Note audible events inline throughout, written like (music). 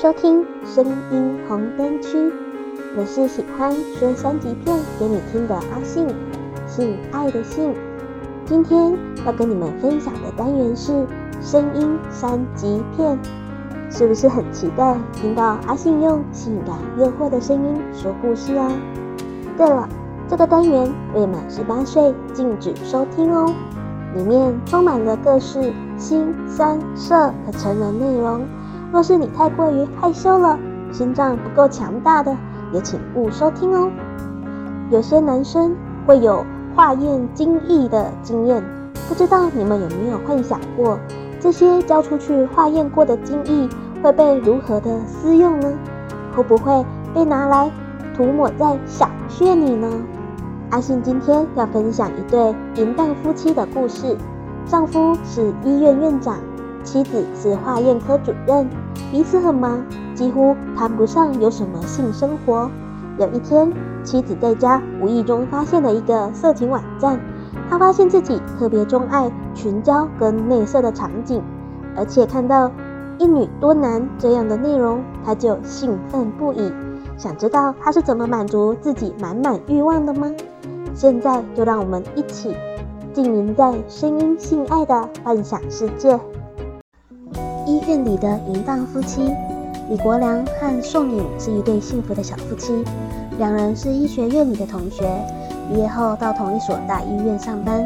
收聽聲音紅燈區，我是喜歡說三級片給你聽的阿性，性愛的性。今天要跟你們分享的單元是聲音三級片，是不是很期待聽到阿性用性感誘惑的聲音說故事啊？對了，這個單元未滿十八歲禁止收聽哦，裡面充滿了各式性、三、色和成人內容。若是你太過於害羞了，心臟不夠強大的，也請勿收聽哦。有些男生會有化驗精液的經驗，不知道你們有沒有幻想過，這些交出去化驗過的精液會被如何的私用呢？會不會被拿來塗抹在小穴裡呢？阿性今天要分享一對淫蕩夫妻的故事，丈夫是醫院院長。妻子是化驗科主任，彼此很忙，幾乎談不上有什麼性生活。有一天，妻子在家無意中發現了一個色情網站，她發現自己特別鍾愛群交跟內射的場景，而且看到一女多男這樣的內容，她就興奮不已。想知道她是怎麼滿足自己滿滿慾望的嗎？現在就讓我們一起浸淫在聲音性愛的幻想世界。院裡的淫蕩夫妻。李國良和宋穎是一對幸福的小夫妻，兩人是醫學院裡的同學，畢業後到同一所大醫院上班。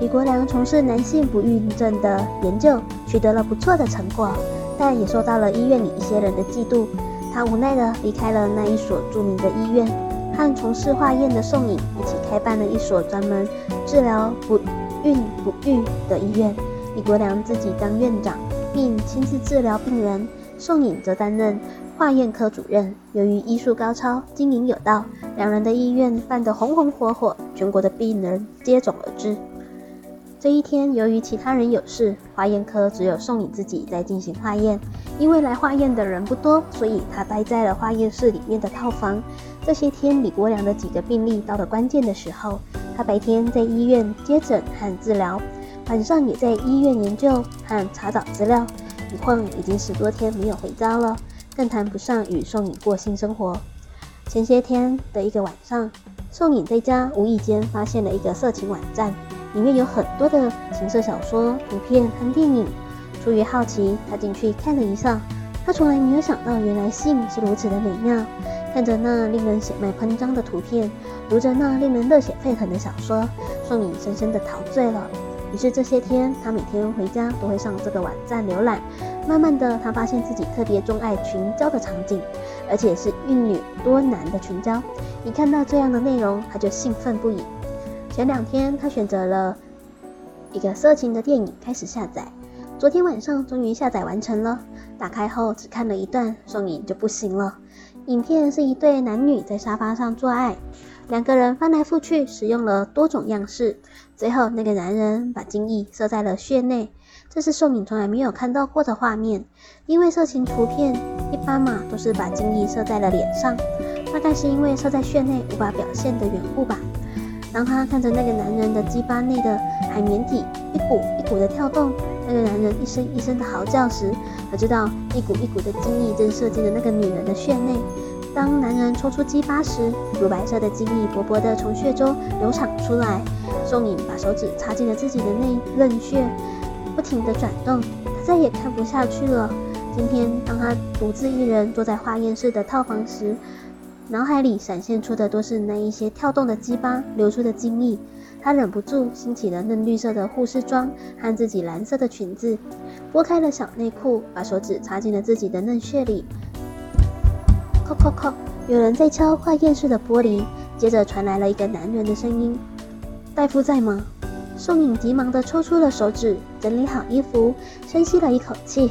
李國良從事男性不孕症的研究，取得了不錯的成果，但也受到了醫院裡一些人的嫉妒。他無奈的離開了那一所著名的醫院，和從事化驗的宋穎一起開辦了一所專門治療不孕不育的醫院。李國良自己當院長，並親自治療病人，宋穎則擔任化驗科主任。由於醫術高超，經營有道，兩人的醫院辦得紅紅火火，全國的病人接踵而至。這一天，由於其他人有事，化驗科只有宋穎自己在進行化驗。因為來化驗的人不多，所以她待在了化驗室裡面的套房。這些天，李國良的幾個病例到了關鍵的時候，他白天在醫院接診和治療。晚上也在醫院研究和查找資料，一晃已經十多天沒有回家了，更談不上與宋穎過性生活。前些天的一個晚上，宋穎在家無意間發現了一個色情網站，裡面有很多的情色小說、圖片和電影。出於好奇，她進去看了一下。她從來沒有想到，原來性是如此的美妙。看着那令人血脈噴張的圖片，讀着那令人熱血沸騰的小說，宋穎深深的陶醉了。於是這些天，她每天回家都會上這個網站瀏覽。慢慢的，她發現自己特別鍾愛群交的場景，而且是一女多男的群交。一看到這樣的內容，她就興奮不已。前兩天，她選擇了一個色情的電影開始下載，昨天晚上終於下載完成了。打開後只看了一段，雙眼就不行了。影片是一對男女在沙發上做愛。兩個人翻來覆去使用了多種樣式，最後那個男人把精液射在了穴內，這是宋敏從來沒有看到過的畫面。因為色情圖片一般嘛都是把精液射在了臉上，大概是因為射在穴內無法表現的緣故吧。當他看着那個男人的雞巴內的海綿體一股一股的跳動，那個男人一聲一聲的嚎叫時，才知道一股一股的精液正射進了那個女人的穴內。當男人抽出雞巴時，乳白色的精液薄薄地從穴中流淌出來。宋穎把手指插進了自己的內嫩穴，不停地轉動。她再也看不下去了。今天，當她獨自一人坐在化驗室的套房時，腦海裡閃現出的都是那一些跳動的雞巴流出的精液。她忍不住掀起了嫩綠色的護士裝和自己藍色的裙子，撥開了小內褲，把手指插進了自己的嫩穴裡。靠扣扣！Co, 有人在敲化驗室的玻璃，接着傳來了一個男人的聲音：“大夫在嗎？”宋穎急忙地抽出了手指，整理好衣服，深吸了一口氣，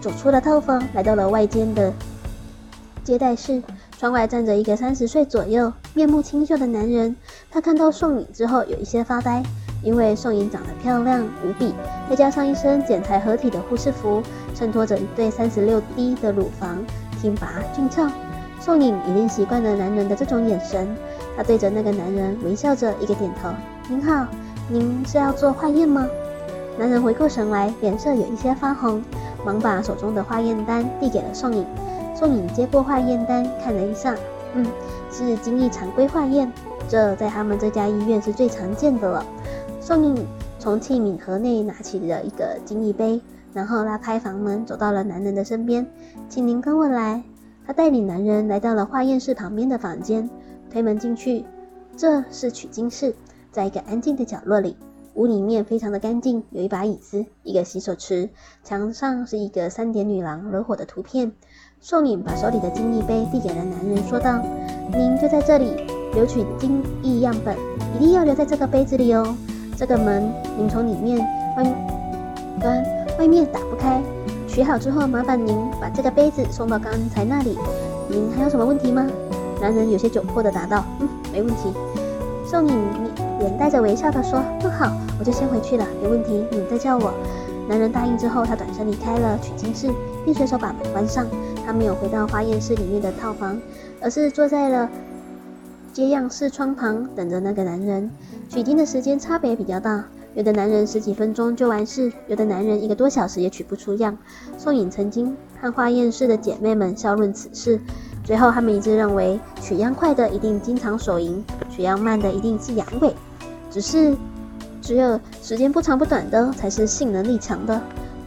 走出了套房，來到了外間的接待室。窗外站着一個三十歲左右、面目清秀的男人。他看到宋穎之後，有一些發呆，因為宋穎長得漂亮無比，再加上一身剪裁合體的護士服，襯托着一對三十六 D 的乳房。挺拔俊俏，宋穎已經習慣了男人的這種眼神，她對着那個男人微笑着一個點頭。您好，您是要做化驗嗎？男人回過神來，臉色有一些發紅，忙把手中的化驗單遞給了宋穎。宋穎接過化驗單，看了一下，嗯，是精液常規化驗，這在他們這家醫院是最常見的了。宋穎從器皿盒內拿起了一個精液杯。然後拉開房門，走到了男人的身邊，請您跟我來。他帶領男人來到了化驗室旁邊的房間，推門進去，這是取精室，在一個安靜的角落裡。屋裡面非常的乾淨，有一把椅子，一個洗手池，牆上是一個三點女郎惹火的圖片。宋穎把手裡的精液杯遞給了男人，說道：“您就在這裡留取精液樣本，一定要留在這個杯子裡哦。這個門您從裡面關關。嗯”嗯外面打不開，取好之後麻煩您把這個杯子送到剛才那裡。您還有什麼問題嗎？男人有些窘迫的答道：“嗯，沒問題。”宋穎面帶着微笑的說：“那好，我就先回去了，有問題你們再叫我。”男人答應之後，他轉身離開了取精室，並隨手把門關上。他沒有回到化驗室裡面的套房，而是坐在了接樣室窗旁，等着那個男人取精的時間差別比較大。有的男人十幾分鐘就完事，有的男人一個多小時也取不出樣。宋穎曾經和化驗室的姐妹們笑論此事，最後他們一致認為，取樣快的一定經常手淫，取樣慢的一定是陽痿。只是只有時間不長不短的才是性能力強的。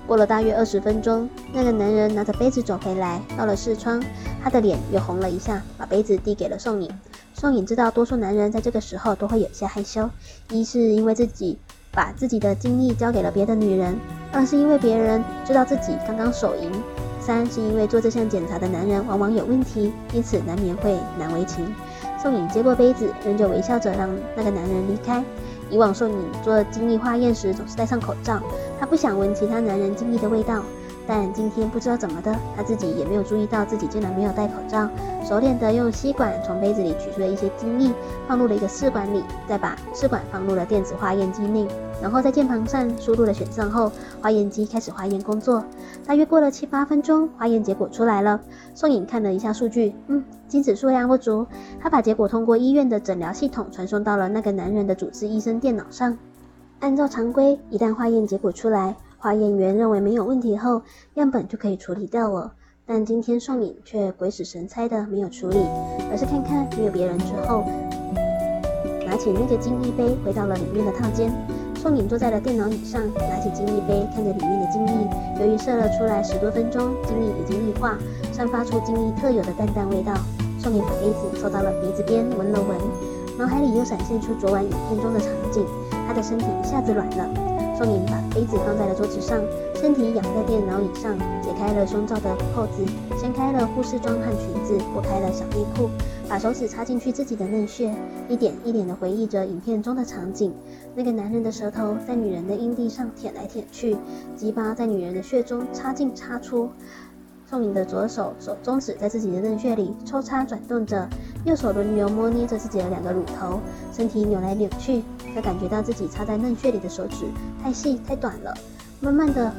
過了大約二十分鐘，那個男人拿着杯子走回來，到了視窗，他的臉又紅了一下，把杯子遞給了宋穎。宋穎知道，多數男人在這個時候都會有些害羞，一是因為自己，把自己的精液交給了別的女人，二是因為別人知道自己剛剛手淫，三是因為做這項檢查的男人往往有問題，因此難免會難為情。宋穎接過杯子，仍舊微笑着讓那個男人離開。以往宋穎做精液化驗時總是戴上口罩，她不想聞其他男人精液的味道。但今天不知道怎麼的，他自己也沒有注意到自己竟然沒有戴口罩，熟練的用吸管從杯子裡取出了一些精液，放入了一個試管裡，再把試管放入了電子化驗機內，然後在鍵盤上輸入了選項後，化驗機開始化驗工作。大約過了七八分鐘，化驗結果出來了。宋穎看了一下數據，嗯，精子數量不足。她把結果通過醫院的診療系統傳送到了那個男人的主治醫生電腦上。按照常規，一旦化驗結果出來，化驗員認為沒有問題後，樣本就可以處理掉了。但今天宋敏卻鬼使神差的沒有處理，而是看看沒有別人之後，拿起那個精液杯，回到了裡面的套間。宋敏坐在了電腦椅上，拿起精液杯，看着裡面的精液。由於射了出來十多分鐘，精液已經液化，散發出精液特有的淡淡味道。宋敏把杯子湊到了鼻子邊聞了聞，腦海裡又閃現出昨晚影片中的場景，她的身體一下子軟了。宋穎把杯子放在了桌子上，身體仰在電腦椅上，解開了胸罩的釦子，掀開了護士裝和裙子，撥開了小內褲，把手指插進去自己的嫩穴，一點一點地回憶着影片中的場景。那個男人的舌頭在女人的陰蒂上舔來舔去，雞巴在女人的穴中插進插出。宋穎的左手手中指在自己的嫩穴裡抽插轉動着，右手輪流摸捏着自己的兩個乳頭，身體扭來扭去。他感覺到自己插在嫩穴裡的手指太細太短了，慢慢的，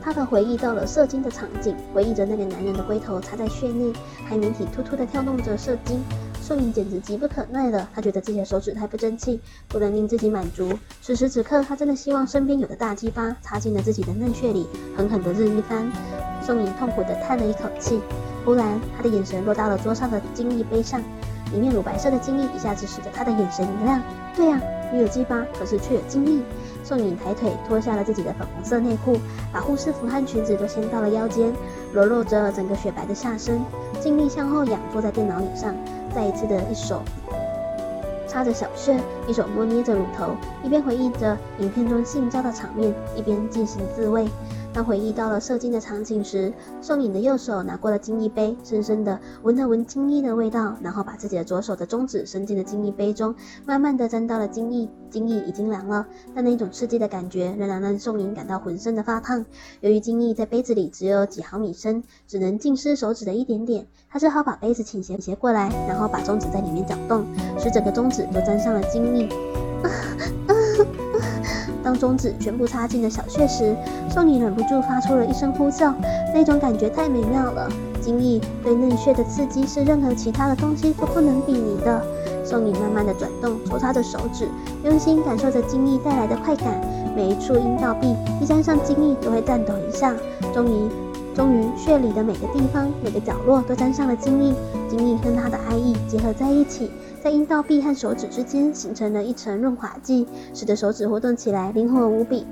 他回憶到了射精的場景，回憶着那個男人的龜頭插在穴內，海綿體突突的跳動着射精。宋穎簡直急不可耐了，他覺得自己的手指太不爭氣，不能令自己滿足。此時此刻，他真的希望身邊有個大雞巴插進了自己的嫩穴裡，狠狠的日一番。宋穎痛苦的嘆了一口氣，忽然他的眼神落到了桌上的精液杯上，裡面乳白色的精液一下子使得他的眼神一亮。對呀、啊。沒有雞巴，可是卻有精液。宋穎抬腿脫下了自己的粉紅色內褲，把護士服和裙子都掀到了腰間，裸露着整個雪白的下身，盡力向後仰坐在電腦椅上，再一次的一手插着小穴，一手摸捏着乳頭，一邊回憶着影片中性交的場面，一邊進行自慰。當回憶到了射精的場景時，宋穎的右手拿過了精液杯，深深的聞了聞精液的味道，然後把自己的左手的中指伸進了精液杯中，慢慢的沾到了精液。精液已經涼了，但那一種刺激的感覺仍然，然讓宋穎感到渾身的發燙。由於精液在杯子裡只有幾毫米深，只能浸濕手指的一點點，她只好把杯子傾斜斜過來，然後把中指在裡面攪動，使整個中指都沾上了精液。 (laughs) 中指全部插進了小穴時，宋穎忍不住發出了一聲呼嘯，那種感覺太美妙了。精液對嫩穴的刺激是任何其他的東西都不能比擬的。宋穎慢慢的轉動，抽插着手指，用心感受着精液帶來的快感。每一處陰道壁一沾上精液都會顫抖一下。終於，終於，穴裡的每個地方、每個角落都沾上了精液，精液跟她的愛意結合在一起。在陰道壁和手指之間形成了一層潤滑劑，使得手指活動起來靈活無比。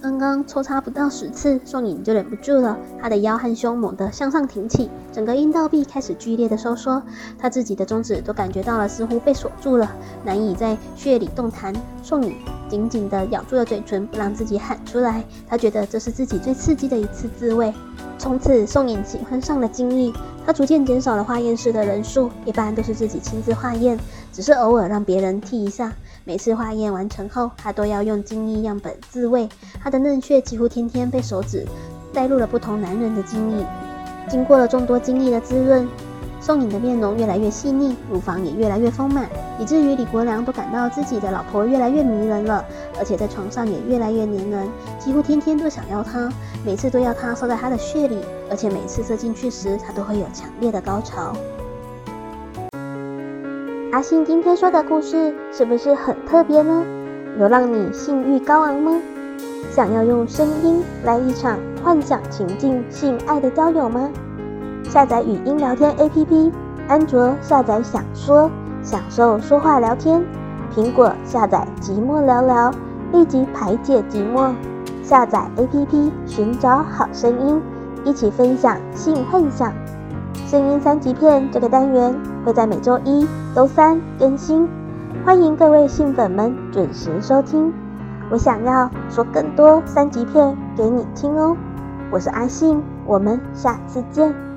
剛剛抽插不到十次，宋穎就忍不住了，她的腰和胸猛地向上挺起，整個陰道壁開始劇烈的收縮，她自己的中指都感覺到了，似乎被鎖住了，難以在穴裡動彈。宋穎緊緊地咬住了嘴唇，不讓自己喊出來。她覺得這是自己最刺激的一次自慰。從此，宋穎喜歡上了精液，她逐漸減少了化驗室的人數，一般都是自己親自化驗，只是偶爾讓別人替一下。每次化驗完成後，他都要用精液樣本自慰，他的嫩穴幾乎天天被手指帶入了不同男人的精液。經過了眾多精液的滋潤，宋穎的面容越來越細膩，乳房也越來越豐滿，以至於李國良都感到自己的老婆越來越迷人了，而且在床上也越來越粘人，幾乎天天都想要她，每次都要她射在他的穴裡，而且每次射進去時，他都會有強烈的高潮。阿性今天說的故事是不是很特別呢？有讓你性慾高昂嗎？想要用聲音來一場幻想情境性愛的交友嗎？下載語音聊天 APP，安卓下載享說，享受說話聊天；蘋果下載寂寞聊聊，立即排解寂寞。下載 APP 尋找好聲音，一起分享性幻想。聲音三級片這個單元，會在每週一、週三更新，歡迎各位性粉們準時收聽。我想要說更多三級片給你聽哦，我是阿性，我們下次見。